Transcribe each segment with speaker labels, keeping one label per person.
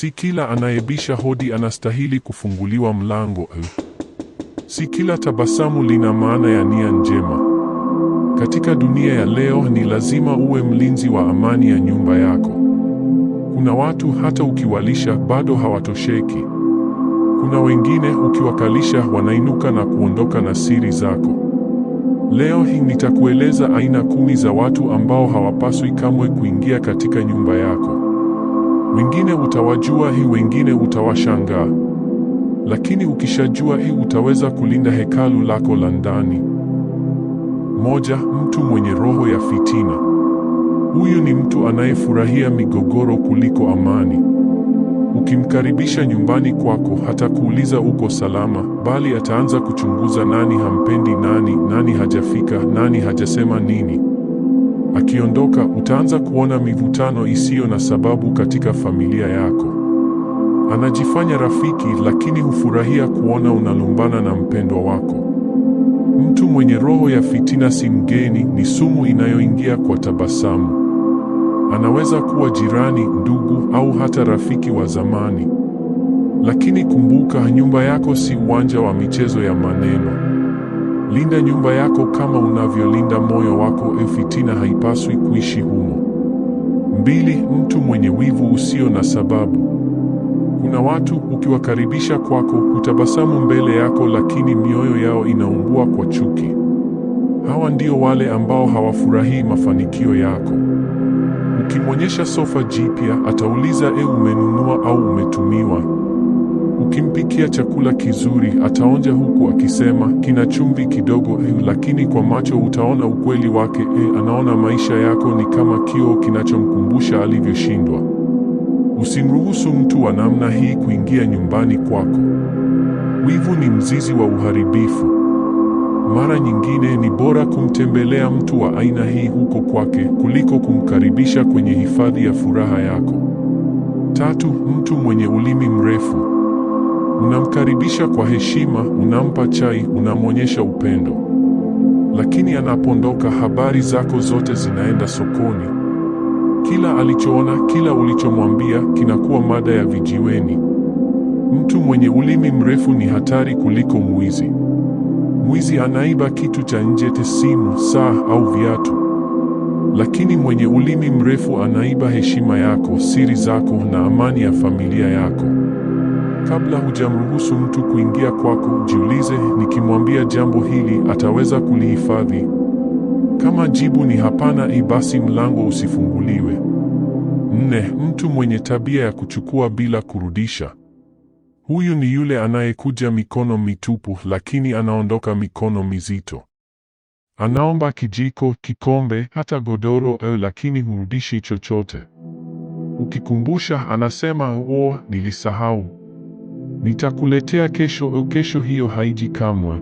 Speaker 1: Si kila anayebisha hodi anastahili kufunguliwa mlango. Eh. Si kila tabasamu lina maana ya nia njema. Katika dunia ya leo, ni lazima uwe mlinzi wa amani ya nyumba yako. Kuna watu hata ukiwalisha bado hawatosheki. Kuna wengine ukiwakalisha wanainuka na kuondoka na siri zako. Leo hii nitakueleza aina kumi za watu ambao hawapaswi kamwe kuingia katika nyumba yako. Wengine utawajua hii, wengine utawashangaa, lakini ukishajua hii utaweza kulinda hekalu lako la ndani. Moja, mtu mwenye roho ya fitina. Huyu ni mtu anayefurahia migogoro kuliko amani. Ukimkaribisha nyumbani kwako, hatakuuliza uko salama, bali ataanza kuchunguza nani hampendi nani, nani hajafika, nani hajasema nini. Akiondoka utaanza kuona mivutano isiyo na sababu katika familia yako. Anajifanya rafiki, lakini hufurahia kuona unalumbana na mpendwa wako. Mtu mwenye roho ya fitina si mgeni, ni sumu inayoingia kwa tabasamu. Anaweza kuwa jirani, ndugu au hata rafiki wa zamani. Lakini kumbuka, nyumba yako si uwanja wa michezo ya maneno. Linda nyumba yako kama unavyolinda moyo wako. E, fitina haipaswi kuishi humo. Mbili, mtu mwenye wivu usio na sababu. Kuna watu ukiwakaribisha kwako hutabasamu mbele yako, lakini mioyo yao inaungua kwa chuki. Hawa ndio wale ambao hawafurahii mafanikio yako. Ukimwonyesha sofa jipya atauliza, e, umenunua au umetumiwa? Ukimpikia chakula kizuri ataonja huku akisema kina chumvi kidogo eh, lakini kwa macho utaona ukweli wake eh, anaona maisha yako ni kama kioo kinachomkumbusha alivyoshindwa. Usimruhusu mtu wa namna hii kuingia nyumbani kwako. Wivu ni mzizi wa uharibifu. Mara nyingine ni bora kumtembelea mtu wa aina hii huko kwake kuliko kumkaribisha kwenye hifadhi ya furaha yako. Tatu, mtu mwenye ulimi mrefu. Unamkaribisha kwa heshima, unampa chai, unamwonyesha upendo. Lakini anapondoka, habari zako zote zinaenda sokoni. Kila alichoona, kila ulichomwambia kinakuwa mada ya vijiweni. Mtu mwenye ulimi mrefu ni hatari kuliko mwizi. Mwizi anaiba kitu cha nje, simu, saa au viatu, lakini mwenye ulimi mrefu anaiba heshima yako, siri zako na amani ya familia yako. Kabla hujamruhusu mtu kuingia kwako, jiulize, nikimwambia jambo hili ataweza kulihifadhi? Kama jibu ni hapana, ibasi mlango usifunguliwe. Nne, mtu mwenye tabia ya kuchukua bila kurudisha. Huyu ni yule anayekuja mikono mitupu, lakini anaondoka mikono mizito. Anaomba kijiko, kikombe, hata godoro, lakini hurudishi chochote. Ukikumbusha anasema, oh, nilisahau. Nitakuletea kesho, oh, kesho hiyo haiji kamwe.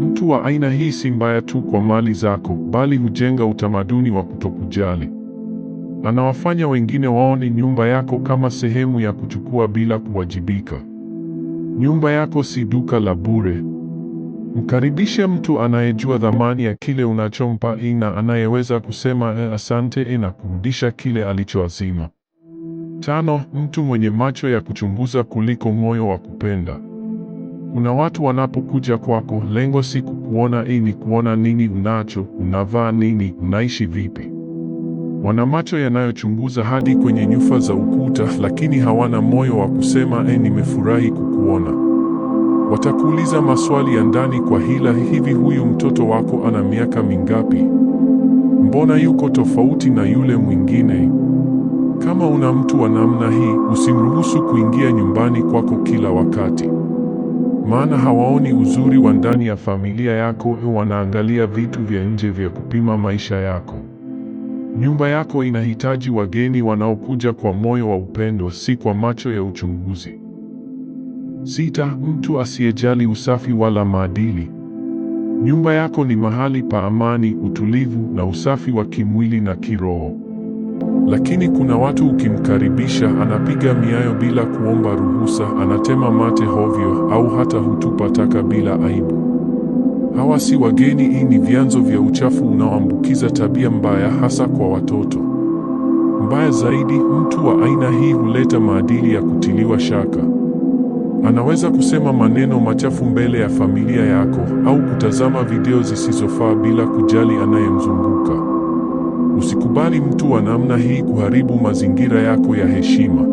Speaker 1: Mtu wa aina hii si mbaya tu kwa mali zako, bali hujenga utamaduni wa kutokujali. Anawafanya wengine waone nyumba yako kama sehemu ya kuchukua bila kuwajibika. Nyumba yako si duka la bure. Mkaribishe mtu anayejua dhamani ya kile unachompa, na anayeweza kusema eh, asante na kurudisha kile alichoazima. Tano, mtu mwenye macho ya kuchunguza kuliko moyo wa kupenda. Kuna watu wanapokuja kwako, lengo si kukuona ini kuona nini unacho, unavaa nini, unaishi vipi. Wana macho yanayochunguza hadi kwenye nyufa za ukuta, lakini hawana moyo wa kusema e, nimefurahi kukuona. Watakuuliza maswali ya ndani kwa hila, hivi huyu mtoto wako ana miaka mingapi? Mbona yuko tofauti na yule mwingine? Kama una mtu wa namna hii, usimruhusu kuingia nyumbani kwako kila wakati, maana hawaoni uzuri wa ndani ya familia yako, wanaangalia vitu vya nje vya kupima maisha yako. Nyumba yako inahitaji wageni wanaokuja kwa moyo wa upendo, si kwa macho ya uchunguzi. Sita, mtu asiyejali usafi wala maadili. Nyumba yako ni mahali pa amani, utulivu na usafi wa kimwili na kiroho. Lakini kuna watu ukimkaribisha, anapiga miayo bila kuomba ruhusa, anatema mate hovyo, au hata hutupa taka bila aibu. Hawa si wageni. Hii ni vyanzo vya uchafu unaoambukiza tabia mbaya, hasa kwa watoto. Mbaya zaidi, mtu wa aina hii huleta maadili ya kutiliwa shaka. Anaweza kusema maneno machafu mbele ya familia yako au kutazama video zisizofaa bila kujali anayemzunguka. Usikubali mtu wa namna hii kuharibu mazingira yako ya heshima.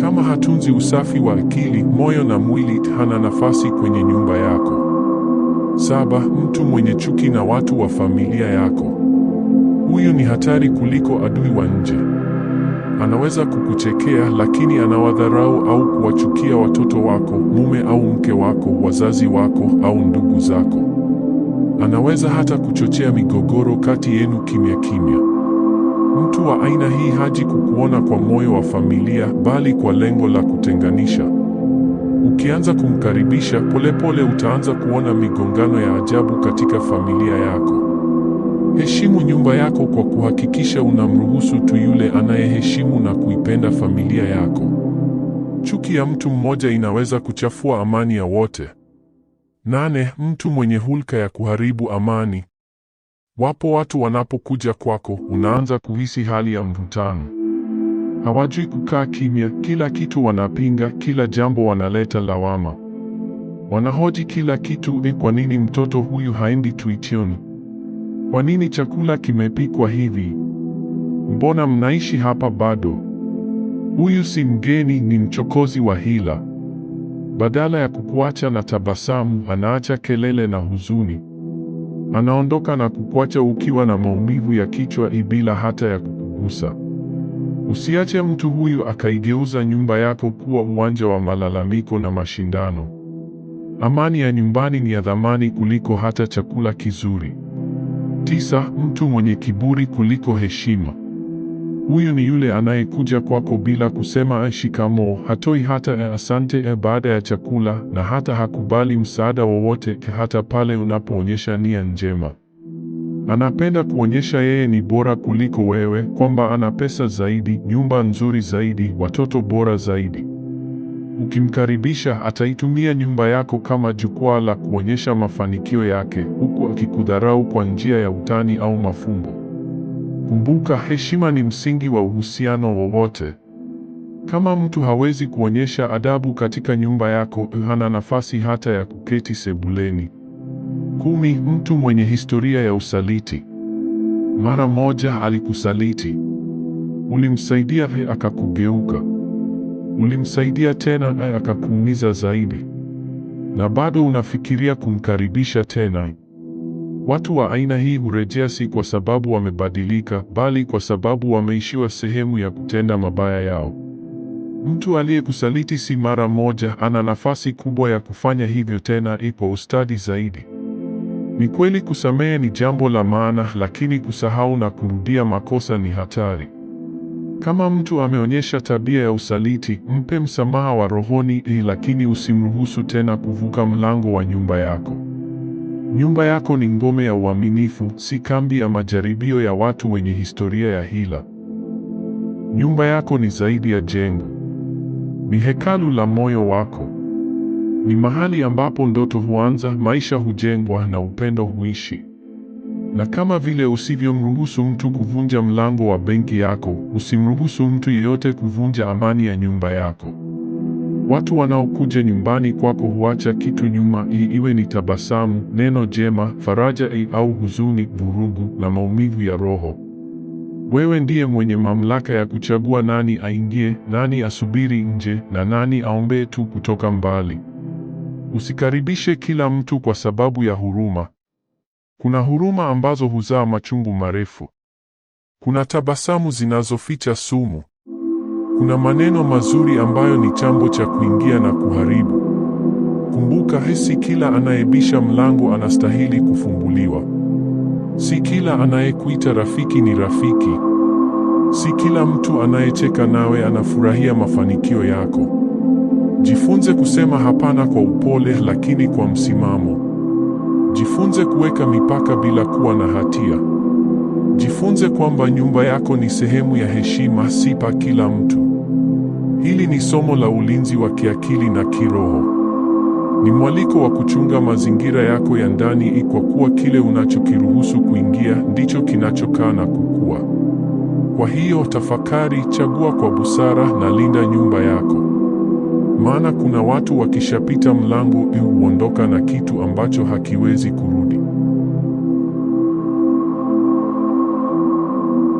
Speaker 1: Kama hatunzi usafi wa akili, moyo na mwili, hana nafasi kwenye nyumba yako. Saba, mtu mwenye chuki na watu wa familia yako. Huyu ni hatari kuliko adui wa nje. Anaweza kukuchekea, lakini anawadharau au kuwachukia watoto wako, mume au mke wako, wazazi wako au ndugu zako. Anaweza hata kuchochea migogoro kati yenu kimya kimya. Mtu wa aina hii haji kukuona kwa moyo wa familia, bali kwa lengo la kutenganisha. Ukianza kumkaribisha polepole, utaanza kuona migongano ya ajabu katika familia yako. Heshimu nyumba yako kwa kuhakikisha unamruhusu tu yule anayeheshimu na kuipenda familia yako. Chuki ya mtu mmoja inaweza kuchafua amani ya wote. Nane, mtu mwenye hulka ya kuharibu amani. Wapo watu wanapokuja kwako, unaanza kuhisi hali ya mvutano. Hawajui kukaa kimya, kila kitu wanapinga, kila jambo wanaleta lawama. Wanahoji kila kitu, ni eh, kwa nini mtoto huyu haendi tuition? Kwa nini chakula kimepikwa hivi? Mbona mnaishi hapa bado? Huyu si mgeni, ni mchokozi wa hila. Badala ya kukuacha na tabasamu, anaacha kelele na huzuni. Anaondoka na kukuacha ukiwa na maumivu ya kichwa bila hata ya kukugusa. Usiache mtu huyu akaigeuza nyumba yako kuwa uwanja wa malalamiko na mashindano. Amani ya nyumbani ni ya thamani kuliko hata chakula kizuri. Tisa, mtu mwenye kiburi kuliko heshima. Huyu ni yule anayekuja kwako bila kusema shikamoo, hatoi hata asante baada ya chakula, na hata hakubali msaada wowote, hata pale unapoonyesha nia njema. Anapenda kuonyesha yeye ni bora kuliko wewe, kwamba ana pesa zaidi, nyumba nzuri zaidi, watoto bora zaidi. Ukimkaribisha, ataitumia nyumba yako kama jukwaa la kuonyesha mafanikio yake, huku akikudharau kwa njia ya utani au mafumbo. Kumbuka, heshima ni msingi wa uhusiano wowote. Kama mtu hawezi kuonyesha adabu katika nyumba yako, hana nafasi hata ya kuketi sebuleni. Kumi, mtu mwenye historia ya usaliti. Mara moja alikusaliti, ulimsaidia akakugeuka, ulimsaidia tena akakuumiza zaidi, na bado unafikiria kumkaribisha tena. Watu wa aina hii hurejea si kwa sababu wamebadilika, bali kwa sababu wameishiwa sehemu ya kutenda mabaya yao. Mtu aliyekusaliti si mara moja, ana nafasi kubwa ya kufanya hivyo tena ipo ustadi zaidi. Ni kweli kusamehe ni jambo la maana, lakini kusahau na kurudia makosa ni hatari. Kama mtu ameonyesha tabia ya usaliti, mpe msamaha wa rohoni, lakini usimruhusu tena kuvuka mlango wa nyumba yako. Nyumba yako ni ngome ya uaminifu, si kambi ya majaribio ya watu wenye historia ya hila. Nyumba yako ni zaidi ya jengo, ni hekalu la moyo wako. Ni mahali ambapo ndoto huanza, maisha hujengwa na upendo huishi. Na kama vile usivyomruhusu mtu kuvunja mlango wa benki yako, usimruhusu mtu yeyote kuvunja amani ya nyumba yako. Watu wanaokuja nyumbani kwako huacha kitu nyuma, ili iwe ni tabasamu, neno jema, faraja au huzuni, vurugu na maumivu ya roho. Wewe ndiye mwenye mamlaka ya kuchagua nani aingie, nani asubiri nje na nani aombee tu kutoka mbali. Usikaribishe kila mtu kwa sababu ya huruma. Kuna huruma ambazo huzaa machungu marefu. Kuna tabasamu zinazoficha sumu. Kuna maneno mazuri ambayo ni chambo cha kuingia na kuharibu. Kumbuka, si kila anayebisha mlango anastahili kufunguliwa. Si kila anayekuita rafiki ni rafiki. Si kila mtu anayecheka nawe anafurahia mafanikio yako. Jifunze kusema hapana kwa upole, lakini kwa msimamo. Jifunze kuweka mipaka bila kuwa na hatia. Jifunze kwamba nyumba yako ni sehemu ya heshima, si pa kila mtu. Hili ni somo la ulinzi wa kiakili na kiroho. Ni mwaliko wa kuchunga mazingira yako ya ndani, kwa kuwa kile unachokiruhusu kuingia ndicho kinachokaa na kukua. Kwa hiyo, tafakari, chagua kwa busara na linda nyumba yako, maana kuna watu wakishapita mlango, huondoka na kitu ambacho hakiwezi kurudi.